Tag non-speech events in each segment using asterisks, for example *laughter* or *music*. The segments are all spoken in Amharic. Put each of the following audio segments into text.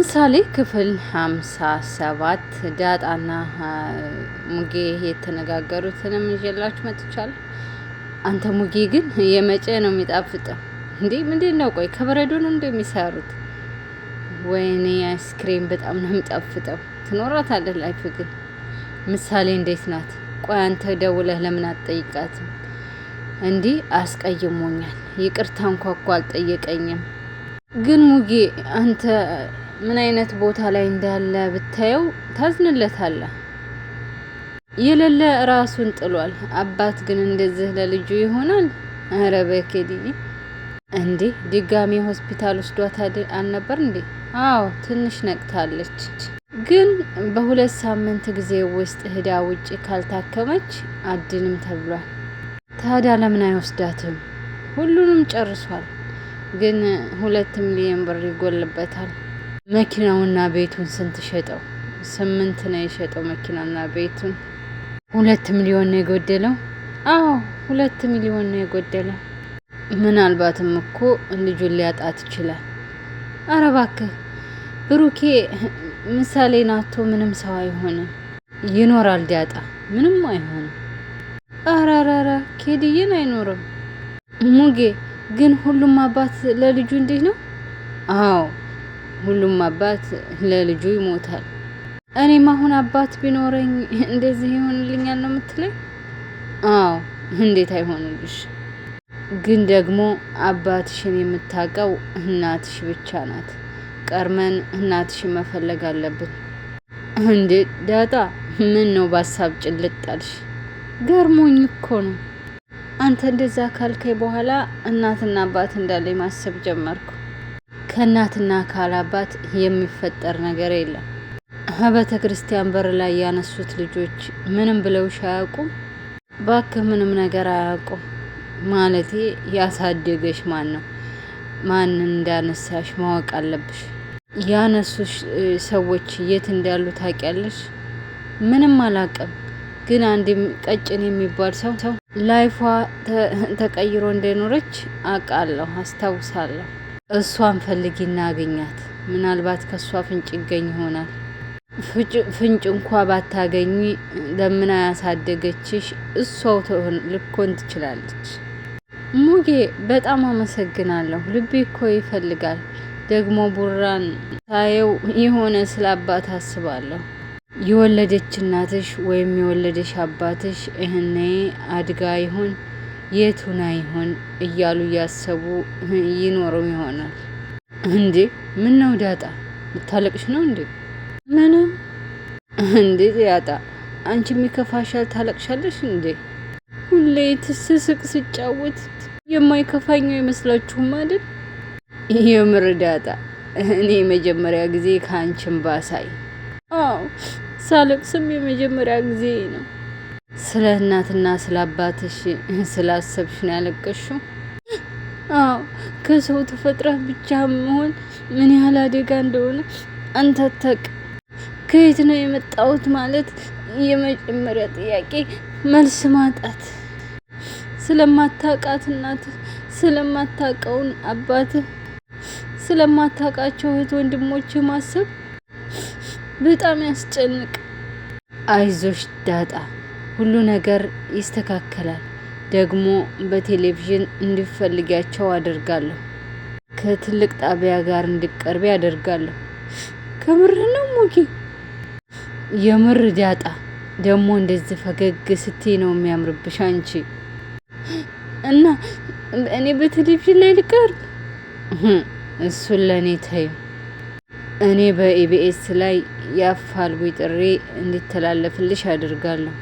ምሳሌ ክፍል ሀምሳ ሰባት ዳጣና ሙጌ የተነጋገሩትንም ይዤላችሁ መጥቻለሁ። አንተ ሙጌ ግን የመጨ ነው የሚጣፍጠው። እንዴ ምንድን ነው? ቆይ ከበረዶ ነው እንደ የሚሰሩት? ወይኔ አይስክሬም በጣም ነው የሚጣፍጠው። ትኖራታለህ ላይፍ። ግን ምሳሌ እንዴት ናት? ቆይ አንተ ደውለህ ለምን አትጠይቃትም? እንዲህ አስቀይሞኛል፣ ይቅርታ እንኳ እኮ አልጠየቀኝም። ግን ሙጌ አንተ ምን አይነት ቦታ ላይ እንዳለ ብታየው ታዝንለታለህ። የሌለ ራሱን ጥሏል። አባት ግን እንደዚህ ለልጁ ይሆናል? እረ በኬዲ እንዴ! ድጋሚ ሆስፒታል ውስዷት አልነበር እንዴ? አዎ ትንሽ ነቅታለች፣ ግን በሁለት ሳምንት ጊዜ ውስጥ ህዳ ውጭ ካልታከመች አድንም ተብሏል። ታዲያ ለምን አይወስዳትም? ሁሉንም ጨርሷል፣ ግን ሁለት ሚሊዮን ብር ይጎልበታል። መኪናውና ቤቱን ስንት ሸጠው? ስምንት ነው የሸጠው መኪናና ቤቱን። ሁለት ሚሊዮን ነው የጎደለው። አዎ ሁለት ሚሊዮን ነው የጎደለው። ምናልባትም እኮ ልጁን ሊያጣት ይችላል። አረ እባክህ ብሩኬ፣ ምሳሌ ናቶ ምንም ሰው አይሆንም። ይኖራል ዳጣ፣ ምንም አይሆንም። አራራራ ኬድዬን አይኖርም። ሙጌ ግን ሁሉም አባት ለልጁ እንዲህ ነው። አዎ ሁሉም አባት ለልጁ ይሞታል። እኔም አሁን አባት ቢኖረኝ እንደዚህ ይሆንልኛል ነው የምትለኝ? አዎ እንዴት አይሆንልሽ? ግን ደግሞ አባትሽን የምታውቀው እናትሽ ብቻ ናት። ቀርመን እናትሽን መፈለግ አለብን። እንዴ ዳጣ፣ ምን ነው በሀሳብ ጭልጣልሽ? ገርሞኝ እኮ ነው። አንተ እንደዛ ካልከኝ በኋላ እናትና አባት እንዳለኝ ማሰብ ጀመርኩ። ከእናትና ካላባት የሚፈጠር ነገር የለም። ከቤተ ክርስቲያን በር ላይ ያነሱት ልጆች ምንም ብለውሽ አያውቁም? እባክህ ምንም ነገር አያውቁም ማለቴ ያሳደገሽ ማን ነው? ማን እንዳነሳሽ ማወቅ አለብሽ። ያነሱሽ ሰዎች የት እንዳሉ ታውቂያለሽ? ምንም አላውቅም፣ ግን አንድ ቀጭን የሚባል ሰው ሰው ላይፏ ተቀይሮ እንደኖረች አውቃለሁ፣ አስታውሳለሁ። እሷን ፈልጊና አግኛት። ምናልባት ከእሷ ፍንጭ ይገኝ ይሆናል። ፍንጭ እንኳ ባታገኝ ለምና ያሳደገችሽ እሷው ልኮን ትችላለች። ሙጌ በጣም አመሰግናለሁ። ልቤ እኮ ይፈልጋል። ደግሞ ቡራን ሳየው የሆነ ስለ አባት አስባለሁ። የወለደች እናትሽ ወይም የወለደሽ አባትሽ እህኔ አድጋ ይሆን? የቱና ይሆን እያሉ እያሰቡ ይኖሩ ይሆናል። እንዴ ምን ነው ዳጣ ልታለቅሽ ነው እንዴ? ምንም እንዴ ዳጣ አንቺ የሚከፋሻል ታለቅሻለሽ እንዴ? ሁሌ ትስስቅ ስጫወት የማይከፋኛው አይመስላችሁም አይደል? የምር ዳጣ እኔ የመጀመሪያ ጊዜ ከአንቺን ባሳይ አዎ ሳለቅስም የመጀመሪያ ጊዜ ነው። ስለ እናትና ስለ አባትሽ ስላሰብሽ ነው ያለቀሽው? አዎ፣ ከሰው ተፈጥራ ብቻ መሆን ምን ያህል አደጋ እንደሆነ አንተ ከየት ነው የመጣሁት ማለት የመጀመሪያ ጥያቄ መልስ ማጣት፣ ስለማታቃት እናት ስለማታቀውን አባት ስለማታቃቸው እህት ወንድሞች ማሰብ በጣም ያስጨንቅ። አይዞሽ ዳጣ ሁሉ ነገር ይስተካከላል። ደግሞ በቴሌቪዥን እንዲፈልጊያቸው አደርጋለሁ። ከትልቅ ጣቢያ ጋር እንዲቀርቢ አደርጋለሁ። ከምር ነው ሞኪ? የምር ዳጣ፣ ደግሞ እንደዚህ ፈገግ ስቴ ነው የሚያምርብሽ አንቺ። እና እኔ በቴሌቪዥን ላይ ልቀርብ? እሱን ለእኔ ተይው። እኔ በኢቢኤስ ላይ የአፋልጉኝ ጥሪ እንዲተላለፍልሽ አደርጋለሁ።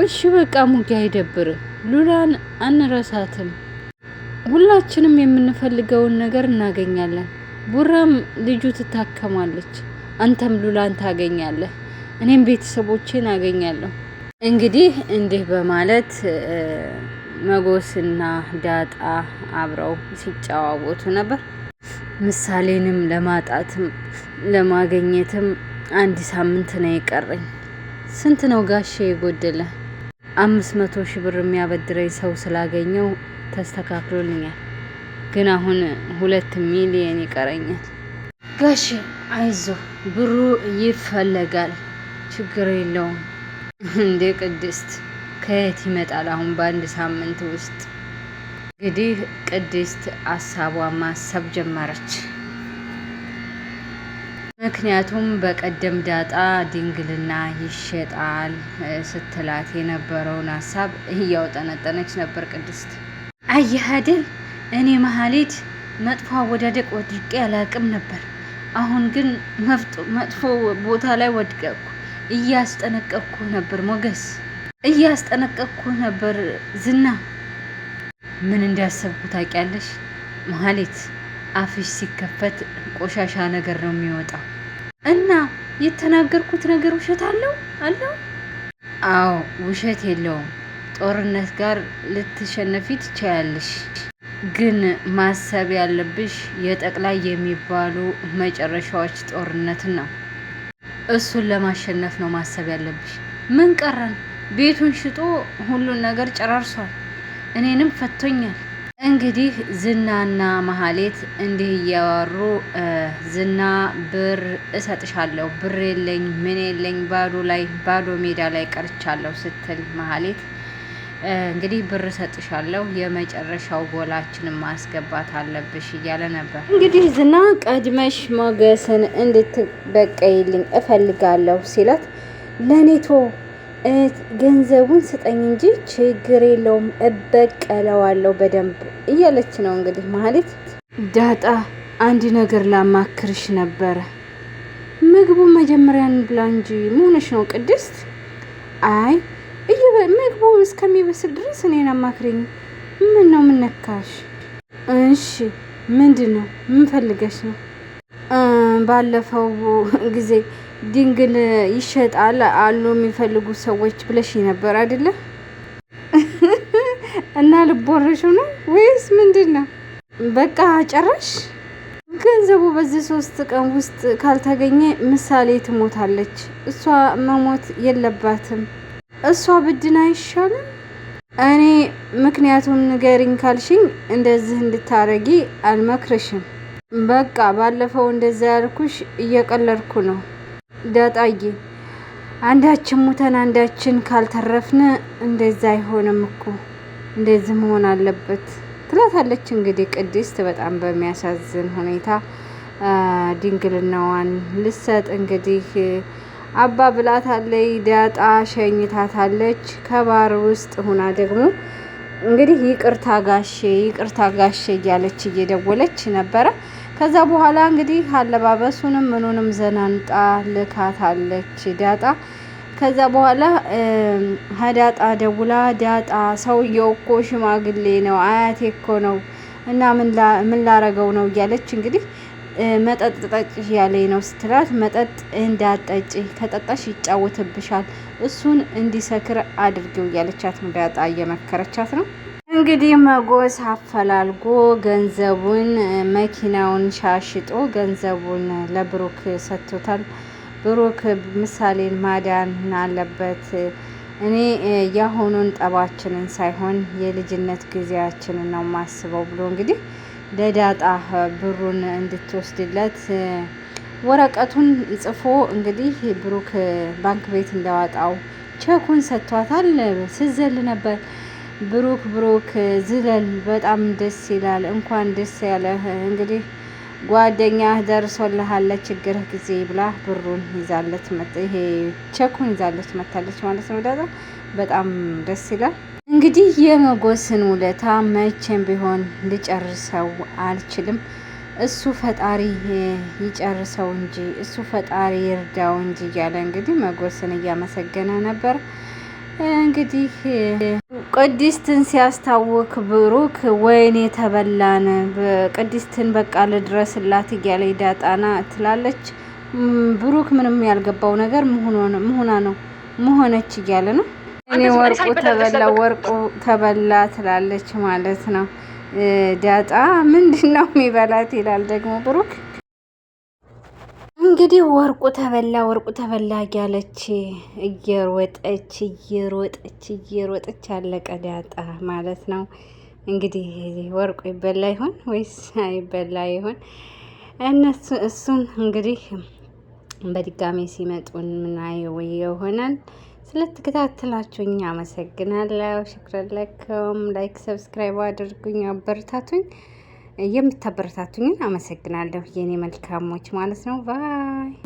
እሺ በቃ ሙጌ አይደብር፣ ሉላን አንረሳትም። ሁላችንም የምንፈልገውን ነገር እናገኛለን። ቡራም ልጁ ትታከማለች፣ አንተም ሉላን ታገኛለህ፣ እኔም ቤተሰቦቼን አገኛለሁ። እንግዲህ እንዲህ በማለት መጎስና ዳጣ አብረው ሲጨዋወቱ ነበር። ምሳሌንም ለማጣትም ለማገኘትም አንድ ሳምንት ነው የቀረኝ። ስንት ነው ጋሼ የጎደለ አምስት መቶ ሺህ ብር የሚያበድረኝ ሰው ስላገኘው ተስተካክሎልኛል። ግን አሁን ሁለት ሚሊየን ይቀረኛል። ጋሽ አይዞ ብሩ ይፈለጋል፣ ችግር የለውም። እንዴ ቅድስት ከየት ይመጣል አሁን በአንድ ሳምንት ውስጥ? እንግዲህ ቅድስት አሳቧ ማሰብ ጀመረች። ምክንያቱም በቀደም ዳጣ ድንግልና ይሸጣል ስትላት የነበረውን ሀሳብ እያውጠነጠነች ነበር ቅድስት። አየህ እኔ መሀሌት መጥፎ አወዳደቅ ወድቄ አላቅም ነበር። አሁን ግን መጥፎ ቦታ ላይ ወድቀኩ። እያስጠነቀቅኩ ነበር ሞገስ፣ እያስጠነቀቅኩ ነበር ዝና። ምን እንዳሰብኩ ታውቂያለሽ መሀሌት? አፍሽ ሲከፈት ቆሻሻ ነገር ነው የሚወጣው። እና የተናገርኩት ነገር ውሸት አለው አለው? አዎ ውሸት የለውም። ጦርነት ጋር ልትሸነፊ ትችያለሽ፣ ግን ማሰብ ያለብሽ የጠቅላይ የሚባሉ መጨረሻዎች ጦርነትን ነው። እሱን ለማሸነፍ ነው ማሰብ ያለብሽ። ምን ቀረን? ቤቱን ሽጦ ሁሉን ነገር ጨራርሷል። እኔንም ፈቶኛል። እንግዲህ ዝናና መሀሌት እንዲህ እያወሩ ዝና ብር እሰጥሻለሁ፣ ብር የለኝ ምን የለኝ ባዶ ላይ ባዶ ሜዳ ላይ ቀርቻለሁ ስትል መሀሌት እንግዲህ ብር እሰጥሻለሁ የመጨረሻው ጎላችንን ማስገባት አለብሽ እያለ ነበር። እንግዲህ ዝና ቀድመሽ ሞገስን እንድትበቀይልኝ እፈልጋለሁ ሲላት ለኔቶ ገንዘቡን ስጠኝ እንጂ ችግር የለውም እበቀለዋለሁ በደንብ እያለች ነው እንግዲህ ማለት ዳጣ አንድ ነገር ላማክርሽ ነበረ ምግቡን መጀመሪያን ብላ እንጂ መሆንሽ ነው ቅድስት አይ ምግቡ እስከሚበስል ድረስ እኔን አማክሪኝ ምን ነው ምነካሽ እሺ ምንድን ነው ምንፈልገሽ ነው ባለፈው ጊዜ ድንግል ይሸጣል አሉ የሚፈልጉ ሰዎች ብለሽ ነበር አይደለ? *laughs* እና ልቦረሹ ነው ወይስ ምንድን ነው? በቃ ጨረሽ? ገንዘቡ በዚህ ሶስት ቀን ውስጥ ካልተገኘ ምሳሌ ትሞታለች። እሷ መሞት የለባትም። እሷ ብድን አይሻልም? እኔ ምክንያቱም ንገሪኝ ካልሽኝ እንደዚህ እንድታረጊ አልመክርሽም። በቃ ባለፈው እንደዚያ ያልኩሽ እየቀለድኩ ነው። ዳጣዬ አንዳችን ሙተን አንዳችን ካልተረፍን እንደዛ አይሆንም እኮ እንደዚህ መሆን አለበት ትላታለች። እንግዲህ ቅድስት በጣም በሚያሳዝን ሁኔታ ድንግልናዋን ልሰጥ እንግዲህ አባ ብላታለይ ዳጣ ሸኝታታለች። ከባር ውስጥ ሁና ደግሞ እንግዲህ ይቅርታ ጋሼ፣ ይቅርታ ጋሼ እያለች እየደወለች ነበረ። ከዛ በኋላ እንግዲህ አለባበሱንም ምኑንም ዘናንጣ ልካታለች ዳጣ። ከዛ በኋላ ሀዳጣ ደውላ ዳጣ ሰውየው እኮ ሽማግሌ ነው አያቴ እኮ ነው እና ምን ላረገው ነው እያለች እንግዲህ መጠጥ ጠጭ ያለኝ ነው ስትላት፣ መጠጥ እንዳጠጭ ከጠጣሽ ይጫወትብሻል፣ እሱን እንዲሰክር አድርጊው እያለቻት ነው ዳጣ እየመከረቻት ነው። እንግዲህ መጎስ አፈላልጎ ገንዘቡን መኪናውን ሻሽጦ ገንዘቡን ለብሩክ ሰጥቶታል። ብሩክ ምሳሌን ማዳን አለበት። እኔ የሆኑን ጠባችንን ሳይሆን የልጅነት ጊዜያችንን ነው ማስበው ብሎ እንግዲህ ለዳጣ ብሩን እንድትወስድለት ወረቀቱን ጽፎ እንግዲህ ብሩክ ባንክ ቤት እንዳወጣው ቼኩን ሰጥቷታል። ስዘል ነበር ብሩክ ብሩክ ዝለል በጣም ደስ ይላል። እንኳን ደስ ያለህ። እንግዲህ ጓደኛ ደርሶልሃል ለችግርህ ጊዜ ብላ ብሩን ይዛለት ይሄ ቸኩን ይዛለት መታለች ማለት ነው። ዳዛ በጣም ደስ ይላል። እንግዲህ የመጎስን ውለታ መቼም ቢሆን ልጨርሰው አልችልም። እሱ ፈጣሪ ይጨርሰው እንጂ እሱ ፈጣሪ ይርዳው እንጂ እያለ እንግዲህ መጎስን እያመሰገነ ነበር እንግዲህ ቅድስትን ሲያስታውክ ብሩክ ወይኔ ተበላን፣ ቅድስትን በቃ ልድረስላት እያለ ዳጣና ትላለች። ብሩክ ምንም ያልገባው ነገር መሆኗ ነው መሆነች እያለ ነው። እኔ ወርቁ ተበላ ወርቁ ተበላ ትላለች ማለት ነው። ዳጣ ምንድን ነው የሚበላት ይላል ደግሞ ብሩክ እንግዲህ ወርቁ ተበላ ወርቁ ተበላ እያለች እየሮጠች እየሮጠች እየሮጠች አለቀ ዳጣ ማለት ነው። እንግዲህ ወርቁ ይበላ ይሆን ወይስ አይበላ ይሆን? እነሱ እሱን እንግዲህ በድጋሜ ሲመጡ ምናየው ይሆናል። ስለተከታተላችሁኝ አመሰግናለሁ። ሽክረለከም ላይክ ሰብስክራይብ አድርጉኝ፣ አበረታቱኝ። የምታበረታቱኝን አመሰግናለሁ የኔ መልካሞች ማለት ነው ባይ